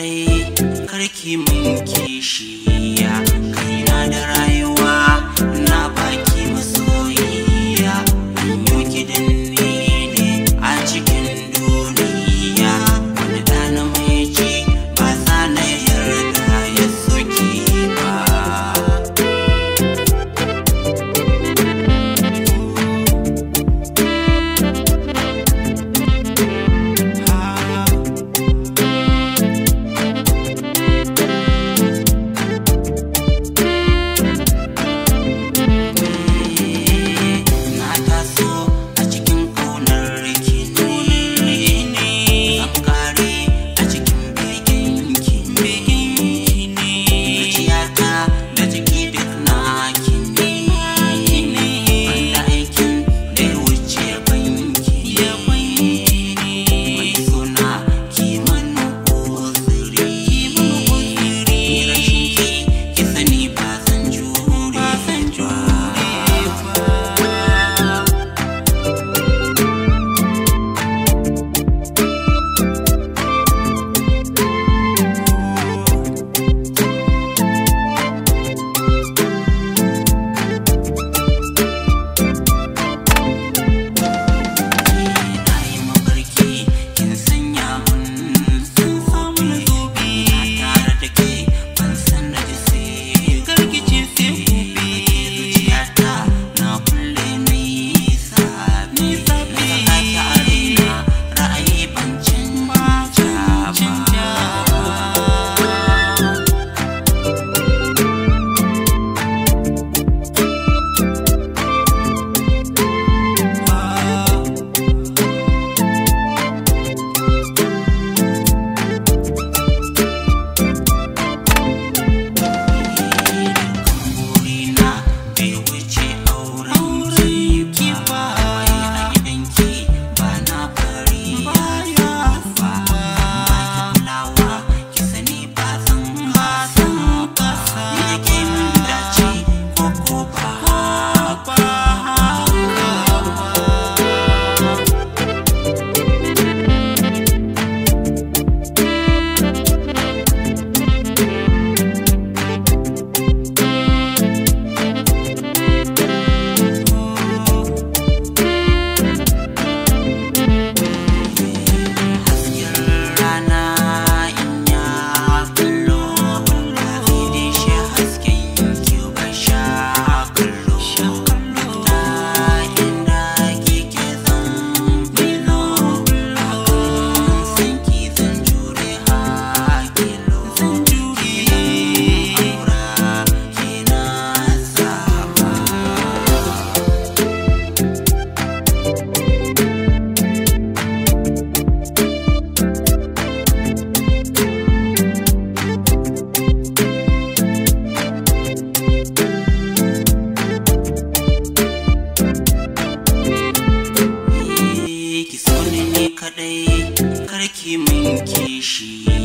kaɗai karki mun kishiya kai kaɗai karki min kishi